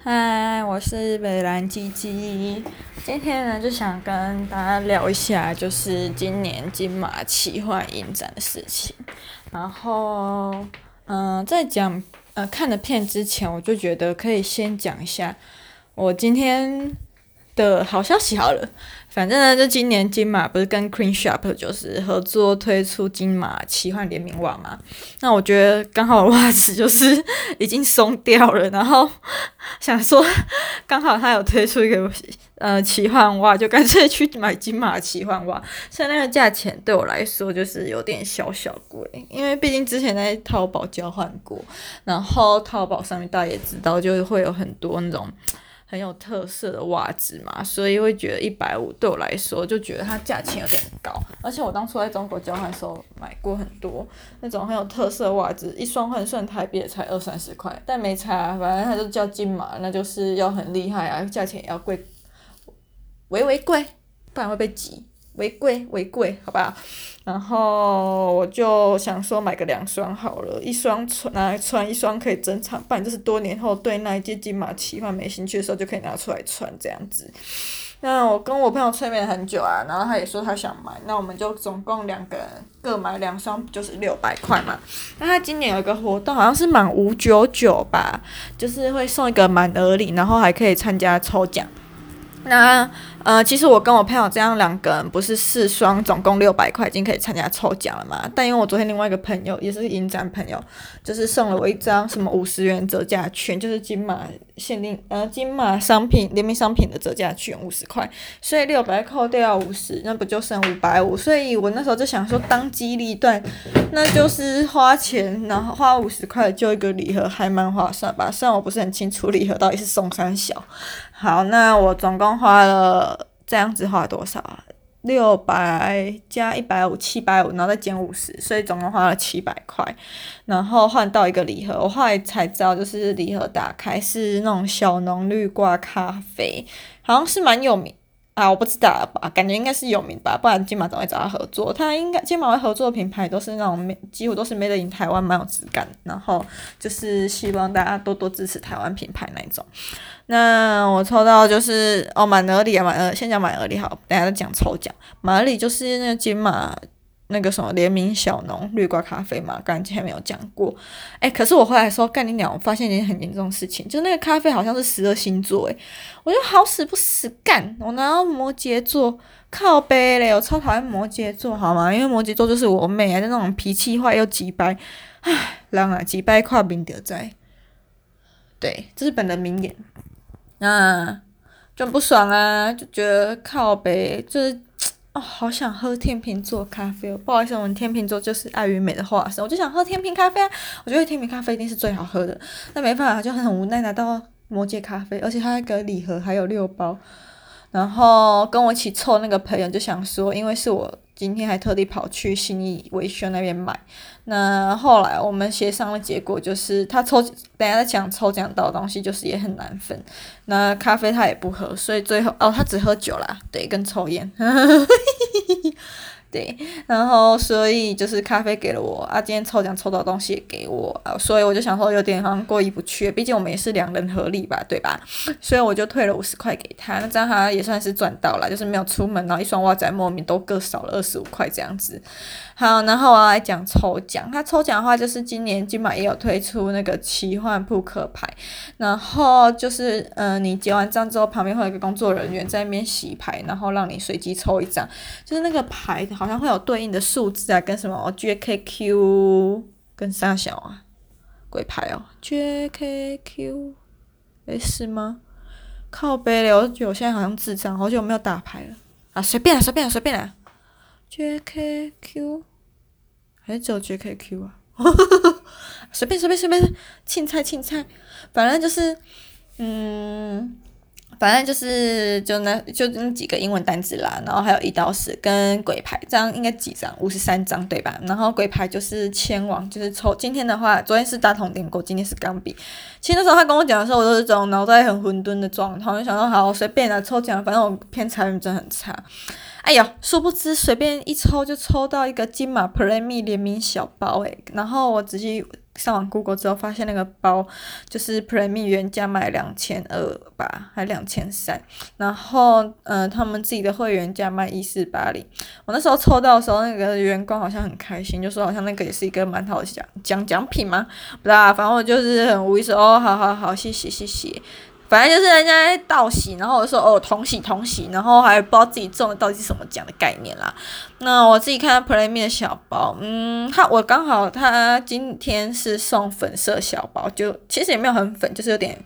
嗨，我是北蘭基基。今天呢，就想跟大家聊一下，就是今年金馬奇幻影展的事情。然後，嗯、呃，在講呃看了片之前，我就覺得可以先講一下我今天的好消息好了。反正呢，就今年金馬不是跟 Queen Shop 就是合作推出金馬奇幻聯名襪嘛？那我覺得剛好襪子就是已經鬆掉了，然後想說剛好他有推出一個呃奇幻襪，就乾脆去買金馬奇幻襪。雖然那個價錢對我來說就是有點小小貴，因為畢竟之前在淘寶交換過，然後淘寶上面大家也知道，就是會有很多那種。很有特色的襪子嘛，所以會覺得一百五對我來說就覺得它價錢有點高。而且我當初在中國交換的時候買過很多那種很有特色的襪子，一雙換算台幣也才二三十塊，但沒差。反正它就叫金馬，那就是要很厲害啊，價錢也要貴，微微貴，不然會被擠。違規，違規好吧，然後我就想說買個兩雙好了，一雙穿拿來穿，一雙可以珍藏，反正，就是多年後對那一屆金馬奇幻沒興趣的時候就可以拿出來穿這樣子。那我跟我朋友催眠很久啊，然後他也說他想買，那我們就總共兩個人各買兩雙，就是六百塊嘛。那他今年有一個活動，好像是滿五九九吧，就是會送一個滿額禮，然後還可以參加抽獎。那，呃，其實我跟我朋友這樣兩個人不是四雙，總共六百塊已經可以參加抽獎了嘛。但因為我昨天另外一個朋友也是影展朋友，就是送了我一張什麼五十元折價券，就是金馬限定，呃，金馬商品聯名商品的折價券五十塊，所以六百扣掉五十，那不就剩五百五？所以我那時候就想說，當機立斷，那就是花錢，然後花五十塊就一個禮盒，還蠻划算吧。雖然我不是很清楚禮盒到底是送三小。好，那我總共花了這樣子花了多少啊？六百加一百五，七百五，然後再減五十，所以總共花了七百塊。然後換到一個禮盒，我後來才知道，就是禮盒打開是那種小農濾掛咖啡，好像是蠻有名的。啊，我不知道了吧，感覺應該是有名吧，不然金馬總會找他合作。他應該金馬會合作的品牌都是那種，幾乎都是 made in 台灣，蠻有質感，然後就是希望大家多多支持台灣品牌那一種。那我抽到就是哦，滿爾里啊，馬爾先講馬爾里好，等下再講抽獎。滿爾里就是那個金馬那個什麼聯名小農綠瓜咖啡嘛，剛才還沒有講過。誒、欸，可是我後來說幹你鳥，我發現一件很嚴重的事情，就那個咖啡好像是十二星座誒、欸、我就好死不死幹我拿到摩羯座靠北嘞，我超討厭摩羯座好嗎？因為摩羯座就是我妹啊，那種脾氣壞又急白，唉，人啊幾百跨冰掉在，對，這是本人名言，那、啊、就不爽啊，就覺得靠北就是。我好想喝天秤座咖啡哦！不好意思，我們天秤座就是愛與美的化身，我就想喝天秤咖啡啊。我覺得天秤咖啡一定是最好喝的，但沒辦法，就很很無奈拿到摩羯咖啡，而且他那個禮盒還有六包。然後跟我一起湊那個朋友就想說，因為是我。今天還特地跑去信義威秀那邊買。那後來我們協商的結果就是，他抽，大家再講抽獎到東西，就是也很難分。那咖啡他也不喝，所以最後哦，他只喝酒啦，對，跟抽煙。 對，然後所以就是咖啡給了我啊，今天抽獎抽到東西也給我啊，所以我就想說有點好像過意不去，畢竟我們也是兩人合力吧，對吧？所以我就退了五十塊給他，那這樣他也算是賺到了，就是沒有出門，然後一雙襪仔莫名都各少了二十五塊這樣子。好，然後我要來講抽獎，他抽獎的話就是今年金馬也有推出那個奇幻撲克牌，然後就是嗯、呃，你結完賬之後，旁邊會有一個工作人員在那邊洗牌，然後讓你隨機抽一張，就是那個牌的。好像會有對應的數字啊，跟什麼哦 J K Q，跟三小啊，鬼牌哦 J K Q，誒，是嗎？靠北了。我覺得我現在好像智障，好久沒有打牌了啊，隨便啊，隨便啊，隨便啊 J K Q，還是只有 J K Q 啊呵呵呵？隨便隨便隨便，青菜青菜，反正就是嗯。反正就是就那就那幾個英文單字啦，然後還有一到十跟鬼牌，這樣應該幾張？五十三張對吧？然後鬼牌就是千王，就是抽。今天的話，昨天是大同點過，今天是鋼筆。其實那時候他跟我講的時候，我都是這種腦袋很混沌的狀態，我就想說好隨便啊，抽獎，反正我偏財運真的很差。哎呀，殊不知隨便一抽就抽到一個金馬 Premi 聯名小包誒、欸，然後我直接。上完 Google 之後，發現那個包就是 Premium 原價賣兩千二吧，還兩千三，然後，嗯，他們自己的會員價賣一四八零。我那時候抽到的時候，那個員工好像很開心，就說好像那個也是一個蠻好的獎獎獎品嘛。不知道，反正我就是很無語說哦，好好好，謝謝謝謝。反正就是人家在道喜，然後我說哦，同喜同喜，然後還不知道自己中了到底是什麼獎的概念啦。那我自己看 Playme 的小包，嗯，它我剛好它今天是送粉色小包，就其實也沒有很粉，就是有點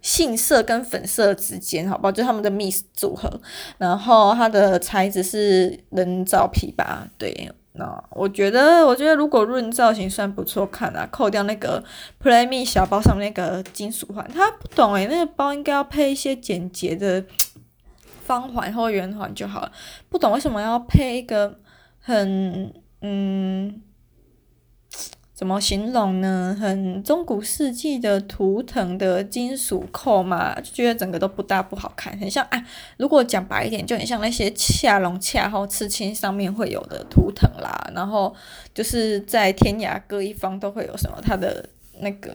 杏色跟粉色之間，好不好？就是他們的 Miss 組合，然後它的材質是人造皮吧？對。那、no，我覺得，我覺得如果論造型算不錯看啊，扣掉那個 Play Me 小包上那個金屬環，他不懂哎、欸，那個包應該要配一些簡潔的方環或圓環就好了，不懂為什麼要配一個很嗯。怎麼形容呢？很中古世紀的圖騰的金屬扣嘛，就覺得整個都不大不好看。很像啊，如果講白一點，就很像那些恰隆恰後刺青上面會有的圖騰啦，然後就是在天涯各一方都會有什麼他的那個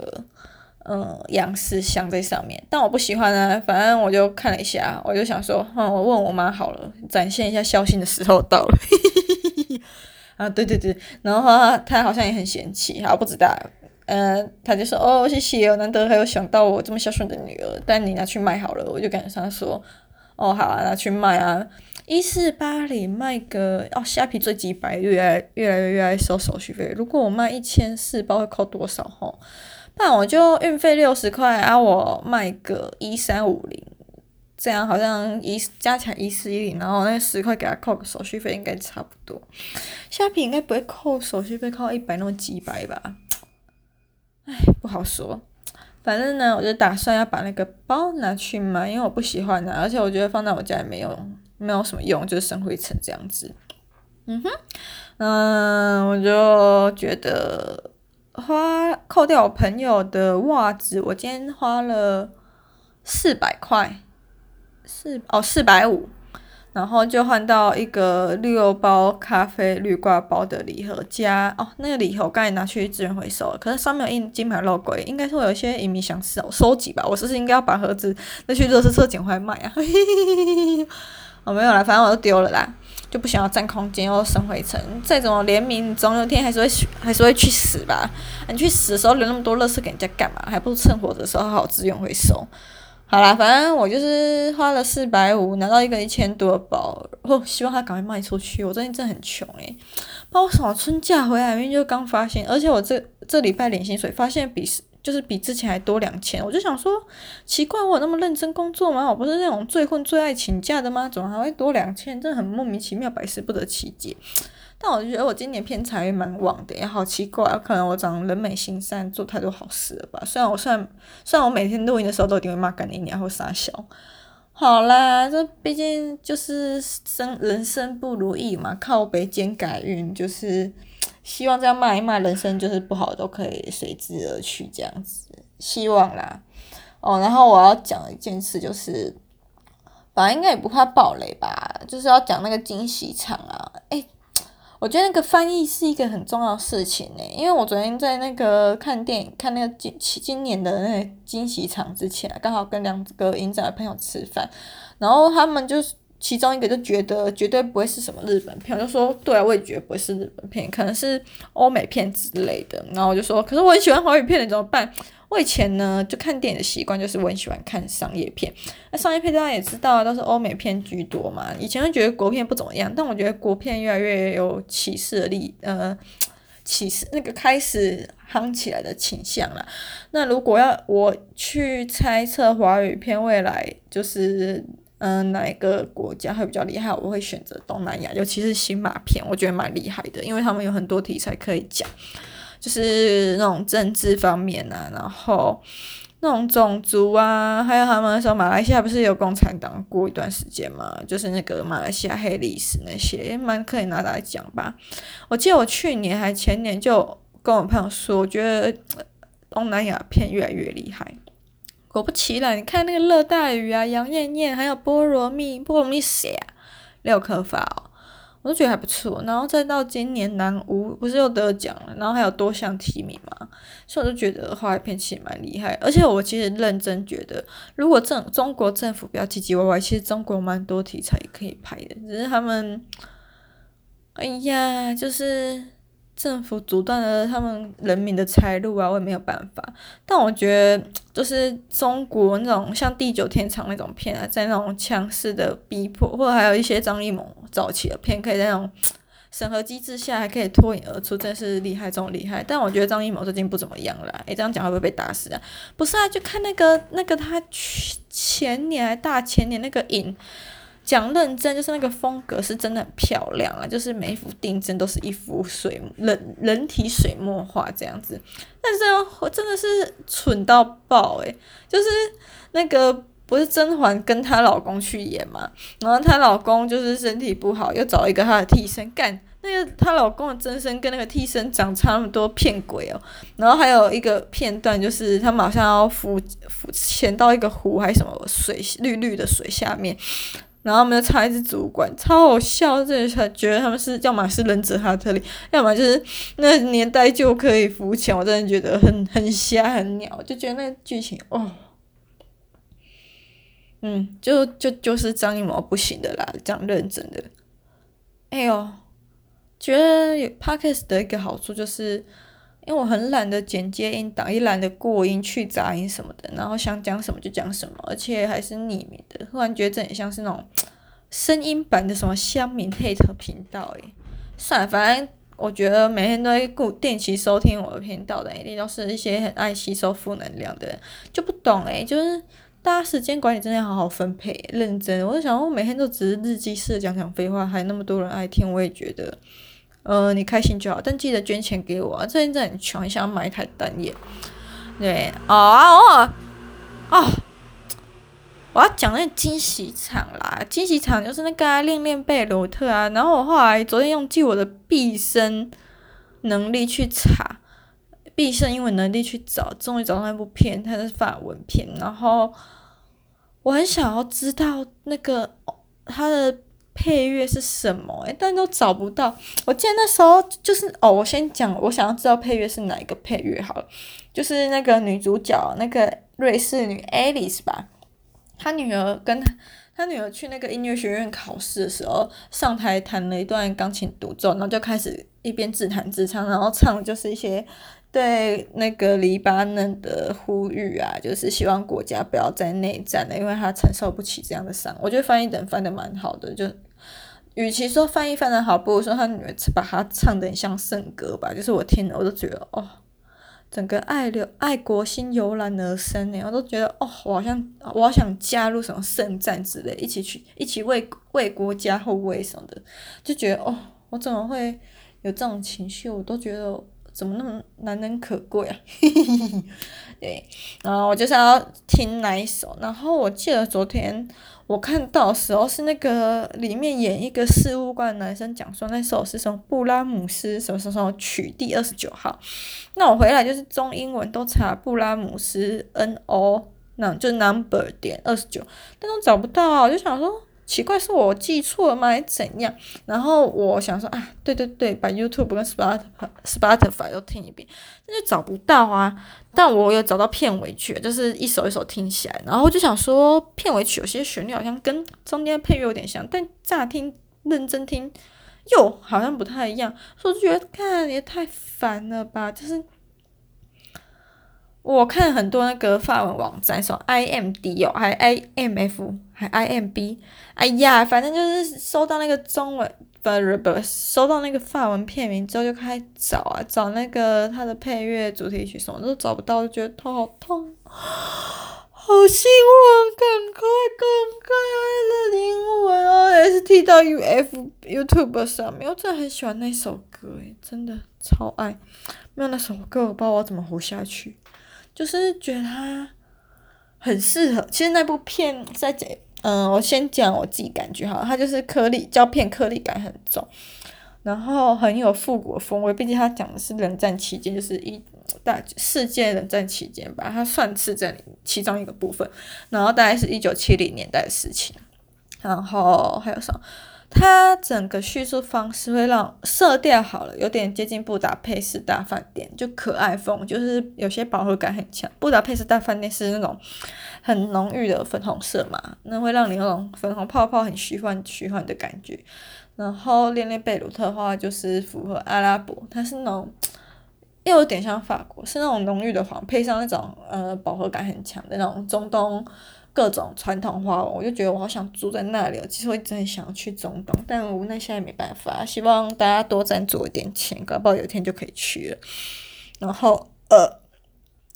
嗯樣式鑲在上面。但我不喜歡啊，反正我就看了一下，我就想說，哦、嗯，我問我媽好了，展現一下孝心的時候到了。 啊，對對對，然後他他好像也很嫌棄，好，我不知道，嗯，他就說哦，謝謝哦，難得還有想到我這麼孝順的女兒，但你拿去賣好了，我就跟他說，哦，好啊，拿去賣啊，一四八零賣個哦蝦皮最幾百越來越來越愛收手續費，如果我賣一千四，包會扣多少哈？不然我就運費六十塊啊，我賣個一三五零。這樣好像一加起來一四一零，然後那十塊給他扣個手續費應該差不多。蝦皮應該不會扣手續費，扣一百弄幾百吧？唉，不好說。反正呢，我就打算要把那個包拿去賣，因為我不喜歡它，而且我覺得放在我家也沒有沒有什麼用，就是生灰塵這樣子。嗯哼，嗯，我就覺得花扣掉我朋友的襪子，我今天花了四百塊。四哦，四百五，然後就換到一個六包咖啡綠掛包的禮盒加哦，那個禮盒我剛才拿去資源回收了，可是上面印金牌 Logo，應該是會有一些影迷想收收集吧？我是不是應該要把盒子拿去樂色車撿回來賣啊？ 哦，沒有了，反正我都丟了啦，就不想要佔空間又生灰塵，再怎麼聯名總有一天還是會還是會去死吧？你去死的時候留那麼多樂色給人家幹嘛？還不如趁活着的時候好好資源回收。好啦，反正我就是花了四百五，拿到一個一千多的包，然、哦、後希望它趕快賣出去。我最近真的很窮誒、欸，包括什麼春假回來，因為就剛發現，而且我這這禮拜領薪水，發現比就是比之前還多兩千，我就想說奇怪，我那麼認真工作嗎？我不是那種最混最愛請假的嗎？怎麼還會多兩千？真的很莫名其妙，百思不得其解。但我覺得我今年偏財運蠻旺的，也好奇怪，可能我長人美心善，做太多好事了吧。雖然我算，雖然我每天錄音的時候都一定會罵幹爹，然後傻笑。好啦，這畢竟就是生人生不如意嘛，靠北兼改運就是希望這樣罵一罵，人生就是不好都可以隨之而去這樣子，希望啦。哦，然後我要講一件事，就是反正應該也不怕暴雷吧，就是要講那個驚喜場啊，哎、欸。我覺得那個翻譯是一個很重要的事情呢，因為我昨天在那個看電影，看那個今今年的那個驚喜場之前啊，剛好跟兩個影展的朋友吃飯，然後他們就是其中一個就覺得絕對不會是什麼日本片，我就說對啊，我也覺得不會是日本片，可能是歐美片之類的，然後我就說，可是我很喜歡華語片，你怎麼辦？我以前呢，就看電影的習慣就是我很喜歡看商業片。那、啊、商業片大家也知道啊，都是歐美片居多嘛。以前會覺得國片不怎麼樣，但我覺得國片越來越有起勢力，呃，起勢那個開始夯起來的傾向了。那如果要我去猜測華語片未來，就是嗯、呃，哪一個國家會比較厲害？我會選擇東南亞，尤其是新馬片，我覺得蠻厲害的，因為他們有很多題材可以講。就是那種政治方面啊，然後那種種族啊，還有他們說馬來西亞不是有共產黨過一段時間嗎？就是那個馬來西亞黑歷史那些，也蠻可以拿來講吧。我記得我去年還前年就跟我朋友說，我覺得東南亞片越來越厲害。果不其然，你看那個熱帶雨啊，楊艷艷，還有菠蘿蜜，菠蘿蜜誰啊？廖克發哦。我都覺得還不錯，然後再到今年南無不是又得獎了，然後還有多項提名嘛，所以我就覺得華語片其實蠻厲害。而且我其實認真覺得，如果政中國政府不要唧唧歪歪，其實中國蠻多題材也可以拍的，只是他們，哎呀，就是政府阻斷了他們人民的財路啊，我也沒有辦法。但我覺得就是中國那種像《地久天長》那種片啊，在那種強勢的逼迫，或者還有一些張藝謀。早期的片可以那種審核機制下還可以脫穎而出，真是厲害，中厲害。但我覺得張藝謀最近不怎麼樣了，誒、欸，這樣講會不會被打死啊？不是啊，就看那個那個他前年還大前年那個影，講認真就是那個風格是真的很漂亮啊，就是每一幅定幀都是一幅水人人體水墨畫這樣子。但是我真的是蠢到爆誒、欸，就是那個。不是甄嬛跟她老公去演嘛，然後她老公就是身體不好，又找一個他的替身幹。那個她老公的真身跟那個替身長差那麼多，騙鬼哦、喔。然後還有一個片段就是他們好像要浮浮潛到一個湖還是什麼水綠綠的水下面，然後我們就插一支竹管，超好笑。真的覺得他們是要麼是忍者哈特利，要麼就是那年代就可以浮潛，我真的覺得很很瞎很鳥，就覺得那劇情哦。嗯，就就就是張藝謀不行的啦，講認真的。哎呦，覺得有 podcast 的一個好處就是，因為我很懶得剪接音檔，也懶得過音去雜音什麼的，然後想講什麼就講什麼，而且還是匿名的。突然覺得很像是那種聲音版的什麼鄉民 hate 頻道哎、欸。算了，反正我覺得每天都會固定期收聽我的頻道的，一定都是一些很愛吸收負能量的人，就不懂哎、欸，就是。大家時間管理真的要好好分配，認真。我就想，我每天都只是日記式講講廢話，還那麼多人愛聽，我也覺得，呃，你開心就好。但記得捐錢給我，啊，最近真的很窮，想買一台單眼。對，啊哦，哦，哦，我要講那個驚喜場啦！驚喜場就是那個戀戀貝魯特啊。然後我後來昨天用盡我的畢生能力去查。畢生英文能力去找，終於找到那部片，它是法文片。然後我很想要知道那個她的配樂是什麼，哎，但都找不到。我記得那時候就是哦，我先講，我想要知道配樂是哪一個配樂好了，就是那個女主角那個瑞士女 Alice 吧，她女兒跟她女兒去那個音樂學院考試的時候，上台彈了一段鋼琴獨奏，然後就開始一邊自彈自唱，然後唱的就是一些。對那個黎巴嫩的呼籲啊，就是希望國家不要再內戰了、欸，因為他承受不起這樣的傷。我覺得翻譯人翻的蠻好的，就與其說翻譯翻的好，不如說他女兒把她唱的很像聖歌吧。就是我聽了，我都覺得哦，整個愛的愛國心油然而生呢、欸。我都覺得哦，我好像我想加入什麼聖戰之類，一起去一起為為國家或為什麼的，就覺得哦，我怎麼會有這種情緒？我都覺得。怎麼那麼難能可貴啊？ 對，然後我就想要聽哪一首，然後我記得昨天我看到時候是那個裡面演一個事務官的男生講說，那首是從布拉姆斯什麼什麼曲第二十九號，那我回來就是中英文都查布拉姆斯 N O 那就 number 點二十九，但都我找不到，我就想說。奇怪，是我記錯了嗎？還是怎樣？然後我想說啊，對對對，把 YouTube 跟 Spotify、Spotify 都聽一遍，但是找不到啊。但我有找到片尾曲，就是一首一首聽起來。然後就想說，片尾曲有些旋律好像跟中間配樂有點像，但乍聽認真聽又好像不太一樣，所以我覺得看也太煩了吧，就是。我看很多那個發文網站，什麼 I M D 哦，還 I M F，還 I M B，哎呀，反正就是搜到那個中文，b u 不，搜到那個發文片名之後就開始找啊，找那個它的配樂主題曲，什麼都找不到，就覺得頭好痛，好希望趕快公開了英文啊！還是 T 到 U F YouTube 上面，我真的很喜歡那首歌誒，真的超愛，沒有那首歌，我不知道我怎麼活下去。就是覺得它很適合。其實那部片在這，嗯，我先講我自己感覺哈，它就是顆粒膠片顆粒感很重，然後很有復古風味，畢竟它講的是冷戰期間，就是一大世界冷戰期間吧，它算是這裡其中一個部分，然後大概是一九七零年代的事情，然後還有啥？它整個敘述方式會讓色調好了，有點接近布達佩斯大飯店，就可愛風，就是有些飽和感很強。布達佩斯大飯店是那種很濃郁的粉紅色嘛，那會讓你那種粉紅泡泡很虛幻、虛幻的感覺。然後戀戀貝魯特的話，就是符合阿拉伯，它是那種又有點像法國，是那種濃郁的黃，配上那種呃飽和感很強的那種中東。各種傳統花紋我就覺得我好想住在那裡。其實我一直很想去中東，但無奈現在沒辦法。希望大家多贊助一點錢，搞不好有一天就可以去了。然後，呃，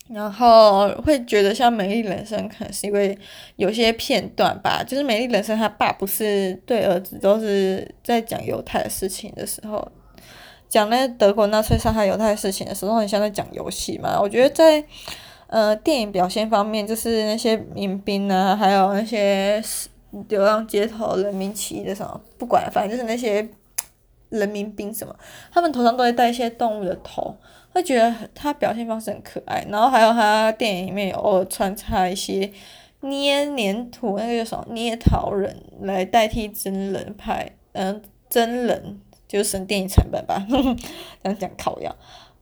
然後會覺得像《美麗人生》可能是因為有些片段吧，就是《美麗人生》他爸不是對兒子都是在講猶太的事情的時候，講那德國納粹殺害猶太的事情的時候，很像在講遊戲嘛？我覺得在。呃，電影表現方面，就是那些民兵啊，還有那些流浪街頭、人民起義的什麼，不管，反正就是那些人民兵什麼，他們頭上都會戴一些動物的頭，會覺得他表現方式很可愛。然後還有他電影裡面偶爾穿插一些捏黏土，那個叫什麼捏陶人來代替真人拍，嗯、呃，真人就省、是、電影成本吧呵呵，這樣講考量。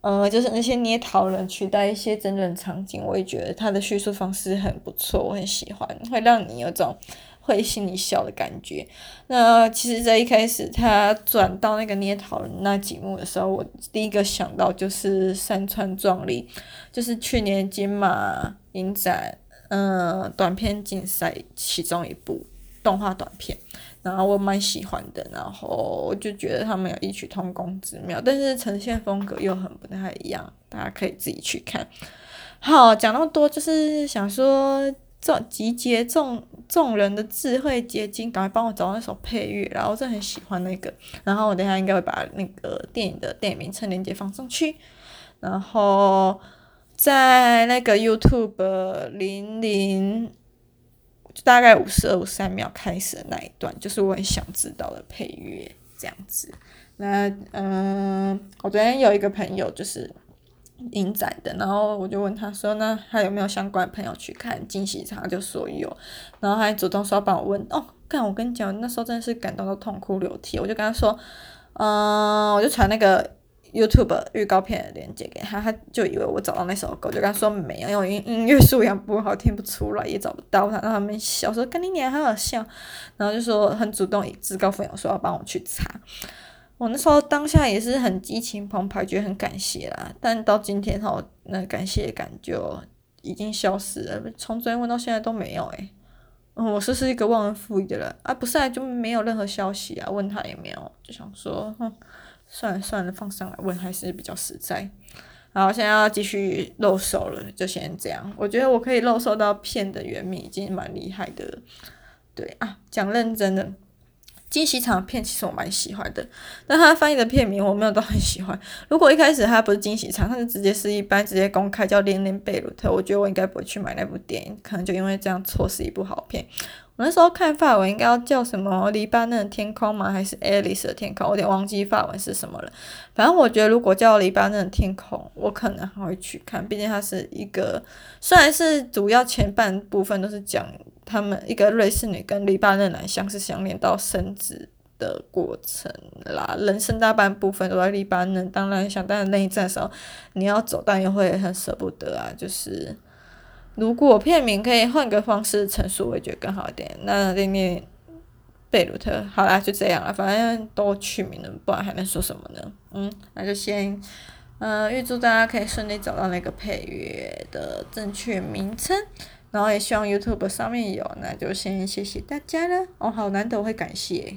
呃、嗯，就是那些捏陶人取代一些真正場景，我也覺得他的敘述方式很不錯，我很喜歡，會讓你有種會心裡笑的感覺。那其實，在一開始他轉到那個捏陶人那幾幕的時候，我第一個想到就是《山川壯麗》，就是去年金馬影展嗯短片競賽其中一部動畫短片。然後我蠻喜歡的，然後我就覺得他們有異曲同工之妙，但是呈現風格又很不太一樣，大家可以自己去看。好，講那麼多就是想說，這集結眾眾人的智慧結晶，趕快幫我找那首配樂，然後我真的很喜歡那個，然後我等一下應該會把那個電影的電影名稱鏈接放上去，然後在那個 YouTube 零零。就大概五十二五三秒開始的那一段，就是我很想知道的配樂這樣子。那嗯，我昨天有一個朋友就是影展的，然後我就問他說，那他有沒有相關的朋友去看驚喜場，就說有，然後還主動說幫我問哦。看我跟你講，那時候真的是感動到痛哭流涕。我就跟他說，嗯，我就傳那個。YouTube 預告片鏈接給他，他就以為我找到那首歌，就跟他說沒有，因為音樂素養不好，聽不出來也找不到他。然後他他們小時候跟你倆很好笑，然後就說很主動，自告奮勇說要幫我去查。我那時候當下也是很激情澎湃，覺得很感謝啦。但到今天吼，那個、感謝感就已經消失了，從昨天問到現在都沒有誒、欸嗯、我是，是一個忘恩負義的人啊，不是啊，就沒有任何消息啊，問他也沒有，就想說哼。嗯算了算了，放上來問還是比較實在。好，現在要繼續露手了，就先這樣。我覺得我可以露手到片的原理已經蠻厲害的。對啊，講認真的。驚喜場的片其實我蠻喜歡的，但他翻譯的片名我沒有都很喜歡。如果一開始他不是驚喜場，他就直接是一般直接公開叫《戀戀貝魯特》，我覺得我應該不會去買那部電影，可能就因為這樣錯失一部好片。我那時候看法文應該要叫什麼《黎巴嫩天空》嗎？還是《Alice 的天空》？我有點忘記法文是什麼了。反正我覺得如果叫《黎巴嫩天空》，我可能還會去看，畢竟它是一個雖然是主要前半部分都是講。他們一個瑞士女跟黎巴嫩男相識、相戀到生子的過程啦，人生大半部分都在黎巴嫩。當然想，但那一站時候你要走，但也會很捨不得啊。就是如果片名可以換個方式陳述，我也覺得更好一點。那對面貝魯特，好啦，就這樣了。反正都取名了，不然還能說什麼呢？嗯，那就先嗯，預祝大家可以順利找到那個配樂的正確名稱。然後也希望 YouTube 上面有，那就先謝謝大家了。我、哦、好難得會感謝。